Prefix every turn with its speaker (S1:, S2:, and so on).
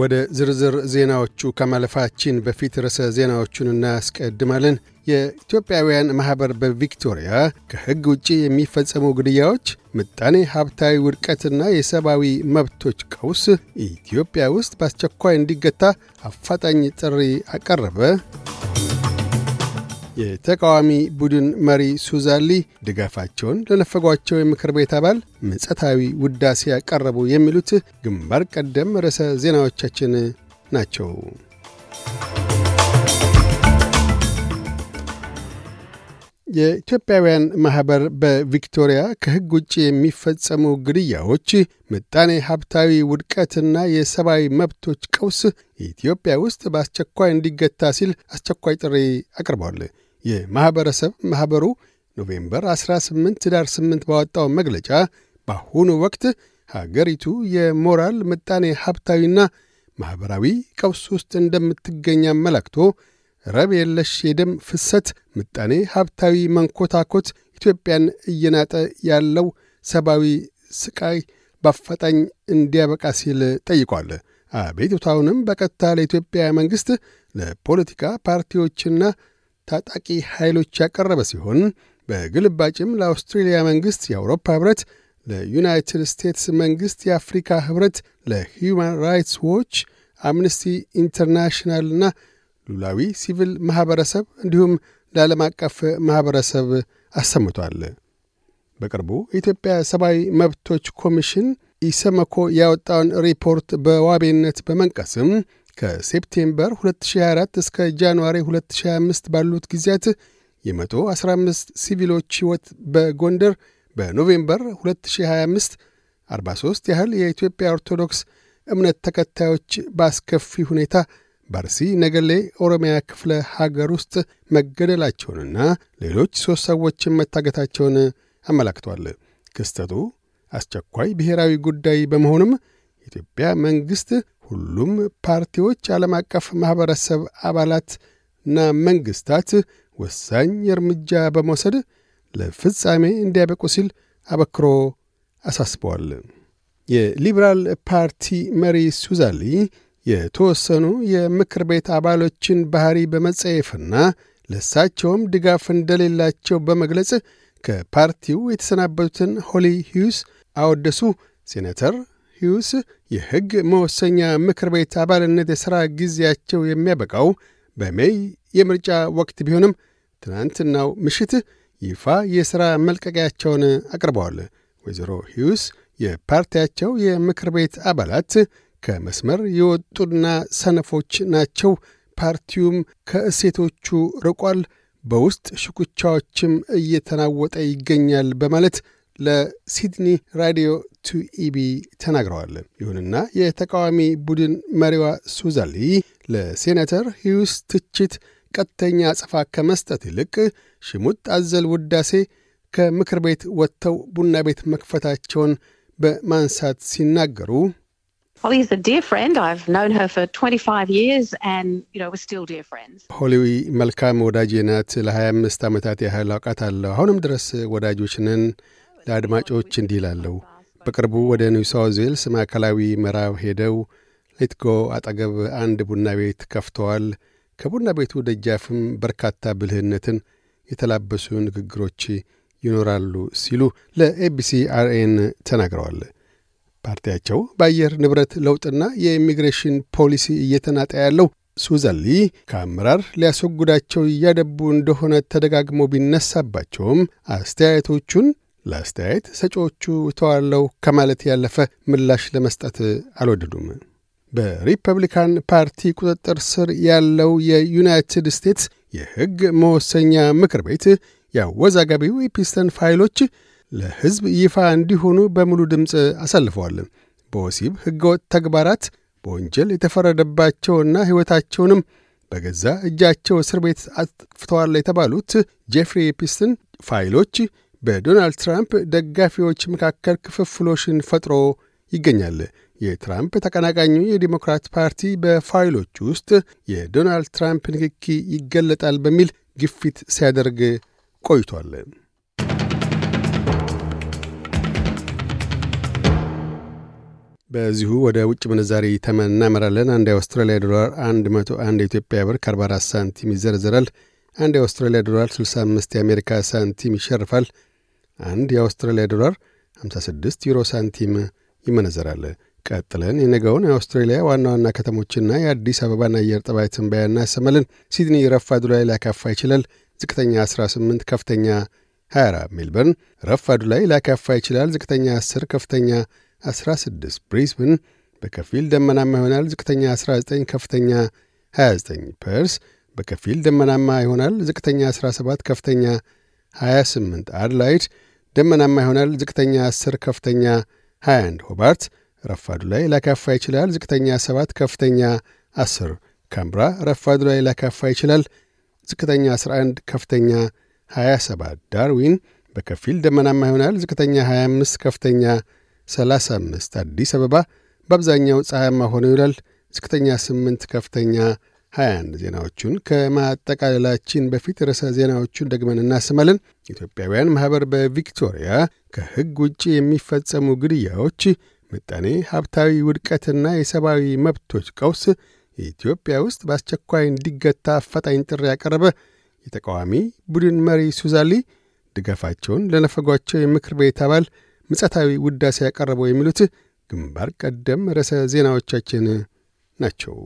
S1: ወደ ዝርዝር ዜናዎቹ ከማለፋችን በፊት ርዕሰ ዜናዎቹን እናስቀድማለን። የኢትዮጵያውያን ማኅበር በቪክቶሪያ ከሕግ ውጭ የሚፈጸሙ ግድያዎች፣ ምጣኔ ሀብታዊ ውድቀትና የሰብአዊ መብቶች ቀውስ ኢትዮጵያ ውስጥ በአስቸኳይ እንዲገታ አፋጣኝ ጥሪ አቀረበ። የተቃዋሚ ቡድን መሪ ሱዛሊ ድጋፋቸውን ለነፈጓቸው የምክር ቤት አባል ምጸታዊ ውዳሴ ያቀረቡ የሚሉት ግንባር ቀደም ርዕሰ ዜናዎቻችን ናቸው። የኢትዮጵያውያን ማኅበር በቪክቶሪያ ከሕግ ውጭ የሚፈጸሙ ግድያዎች፣ ምጣኔ ሀብታዊ ውድቀትና የሰብአዊ መብቶች ቀውስ ኢትዮጵያ ውስጥ በአስቸኳይ እንዲገታ ሲል አስቸኳይ ጥሪ አቅርቧል። የማኅበረሰብ ማኅበሩ ኖቬምበር 18 ዳር 8 ባወጣው መግለጫ በአሁኑ ወቅት ሀገሪቱ የሞራል ምጣኔ ሀብታዊና ማኅበራዊ ቀውስ ውስጥ እንደምትገኝ አመላክቶ ረብ የለሽ የደም ፍሰት፣ ምጣኔ ሀብታዊ መንኮታኮት ኢትዮጵያን እየናጠ ያለው ሰብአዊ ስቃይ በአፋጣኝ እንዲያበቃ ሲል ጠይቋል። አቤቱታውንም በቀጥታ ለኢትዮጵያ መንግሥት፣ ለፖለቲካ ፓርቲዎችና ታጣቂ ኃይሎች ያቀረበ ሲሆን በግልባጭም ለአውስትሬልያ መንግሥት፣ የአውሮፓ ኅብረት፣ ለዩናይትድ ስቴትስ መንግሥት፣ የአፍሪካ ኅብረት፣ ለሂውማን ራይትስ ዎች፣ አምነስቲ ኢንተርናሽናልና ሉላዊ ሲቪል ማኅበረሰብ እንዲሁም ለዓለም አቀፍ ማኅበረሰብ አሰምቷል። በቅርቡ የኢትዮጵያ ሰብአዊ መብቶች ኮሚሽን ኢሰመኮ ያወጣውን ሪፖርት በዋቤነት በመንቀስም ከሴፕቴምበር 2024 እስከ ጃንዋሪ 2025 ባሉት ጊዜያት የ115 ሲቪሎች ሕይወት በጎንደር በኖቬምበር 2025 43 ያህል የኢትዮጵያ ኦርቶዶክስ እምነት ተከታዮች በአስከፊ ሁኔታ ባርሲ ነገሌ ኦሮሚያ ክፍለ ሀገር ውስጥ መገደላቸውንና ሌሎች ሦስት ሰዎችን መታገታቸውን አመላክቷል። ክስተቱ አስቸኳይ ብሔራዊ ጉዳይ በመሆኑም የኢትዮጵያ መንግሥት ሁሉም ፓርቲዎች፣ ዓለም አቀፍ ማኅበረሰብ አባላትና መንግሥታት ወሳኝ እርምጃ በመውሰድ ለፍጻሜ እንዲያበቁ ሲል አበክሮ አሳስበዋል። የሊበራል ፓርቲ መሪ ሱዛሊ የተወሰኑ የምክር ቤት አባሎችን ባህሪ በመጸየፍና ለሳቸውም ድጋፍ እንደሌላቸው በመግለጽ ከፓርቲው የተሰናበቱትን ሆሊ ሂውስ አወደሱ። ሴኔተር ሂውስ የሕግ መወሰኛ ምክር ቤት አባልነት የሥራ ጊዜያቸው የሚያበቃው በሜይ የምርጫ ወቅት ቢሆንም ትናንትናው ምሽት ይፋ የሥራ መልቀቂያቸውን አቅርበዋል። ወይዘሮ ሂውስ የፓርቲያቸው የምክር ቤት አባላት ከመስመር የወጡና ሰነፎች ናቸው፣ ፓርቲውም ከእሴቶቹ ርቋል፣ በውስጥ ሽኩቻዎችም እየተናወጠ ይገኛል በማለት ለሲድኒ ራዲዮ ቱ ኢቢ ተናግረዋል። ይሁንና የተቃዋሚ ቡድን መሪዋ ሱዛሊ ለሴኔተር ሂውስ ትችት ቀጥተኛ ጽፋ ከመስጠት ይልቅ ሽሙጥ አዘል ውዳሴ ከምክር ቤት ወጥተው ቡና ቤት መክፈታቸውን በማንሳት ሲናገሩ ሆሊዊ መልካም ወዳጄ ናት። ለ25 ዓመታት ያህል አውቃታለሁ። አሁንም ድረስ ወዳጆች ነን። ለአድማጮች እንዲህ ይላለሁ። በቅርቡ ወደ ኒውሳውዝ ዌልስ ማዕከላዊ ምዕራብ ሄደው ሌትጎ አጠገብ አንድ ቡና ቤት ከፍተዋል። ከቡና ቤቱ ደጃፍም በርካታ ብልህነትን የተላበሱ ንግግሮች ይኖራሉ ሲሉ ለኤቢሲ አርኤን ተናግረዋል። ፓርቲያቸው በአየር ንብረት ለውጥና የኢሚግሬሽን ፖሊሲ እየተናጠ ያለው ሱዘሊ ከአመራር ሊያስወግዳቸው እያደቡ እንደሆነ ተደጋግሞ ቢነሳባቸውም አስተያየቶቹን ለአስተያየት ሰጪዎቹ ተዋለው ከማለት ያለፈ ምላሽ ለመስጠት አልወደዱም። በሪፐብሊካን ፓርቲ ቁጥጥር ስር ያለው የዩናይትድ ስቴትስ የሕግ መወሰኛ ምክር ቤት የአወዛጋቢው የፒስተን ፋይሎች ለሕዝብ ይፋ እንዲሆኑ በሙሉ ድምፅ አሳልፈዋል። በወሲብ ሕገወጥ ተግባራት በወንጀል የተፈረደባቸውና ሕይወታቸውንም በገዛ እጃቸው እስር ቤት አጥፍተዋል የተባሉት ጄፍሪ ፒስተን ፋይሎች በዶናልድ ትራምፕ ደጋፊዎች መካከል ክፍፍሎሽን ፈጥሮ ይገኛል። የትራምፕ ተቀናቃኙ የዲሞክራት ፓርቲ በፋይሎች ውስጥ የዶናልድ ትራምፕ ንክኪ ይገለጣል በሚል ግፊት ሲያደርግ ቆይቷል። በዚሁ ወደ ውጭ ምንዛሪ ተመን እናመራለን። አንድ የአውስትራሊያ ዶላር 101 የኢትዮጵያ ብር ከ44 ሳንቲም ይዘረዘራል። አንድ የአውስትራሊያ ዶላር 65 የአሜሪካ ሳንቲም ይሸርፋል። አንድ የአውስትራሊያ ዶላር 56 ዩሮ ሳንቲም ይመነዘራል። ቀጥለን የነገውን የአውስትሬሊያ ዋና ዋና ከተሞችና የአዲስ አበባን አየር ጠባይ ትንበያ እናሰማለን። ሲድኒ ረፋዱ ላይ ሊያካፋ ይችላል። ዝቅተኛ 18፣ ከፍተኛ 24። ሜልበርን ረፋዱ ላይ ሊያካፋ ይችላል። ዝቅተኛ 10፣ ከፍተኛ 16። ብሪስብን በከፊል ደመናማ ይሆናል። ዝቅተኛ 19፣ ከፍተኛ 29። ፐርስ በከፊል ደመናማ ይሆናል። ዝቅተኛ 17፣ ከፍተኛ 28። አድላይድ ደመናማ ይሆናል። ዝቅተኛ 10 ከፍተኛ 21። ሆባርት ረፋዱ ላይ ላካፋ ይችላል። ዝቅተኛ 7 ከፍተኛ 10። ካምብራ ረፋዱ ላይ ላካፋ ይችላል። ዝቅተኛ 11 ከፍተኛ 27። ዳርዊን በከፊል ደመናማ ይሆናል። ዝቅተኛ 25 ከፍተኛ 35። አዲስ አበባ በአብዛኛው ፀሐያማ ሆኖ ይውላል። ዝቅተኛ 8 ከፍተኛ 21 ዜናዎቹን ከማጠቃለላችን በፊት ርዕሰ ዜናዎቹን ደግመን እናሰማለን። ኢትዮጵያውያን ማኅበር በቪክቶሪያ ከሕግ ውጭ የሚፈጸሙ ግድያዎች፣ ምጣኔ ሀብታዊ ውድቀትና የሰብአዊ መብቶች ቀውስ ኢትዮጵያ ውስጥ በአስቸኳይ እንዲገታ አፋጣኝ ጥሪ ያቀረበ፣ የተቃዋሚ ቡድን መሪ ሱዛሊ ድጋፋቸውን ለነፈጓቸው የምክር ቤት አባል ምጸታዊ ውዳሴ ያቀረበው የሚሉት ግንባር ቀደም ርዕሰ ዜናዎቻችን ናቸው።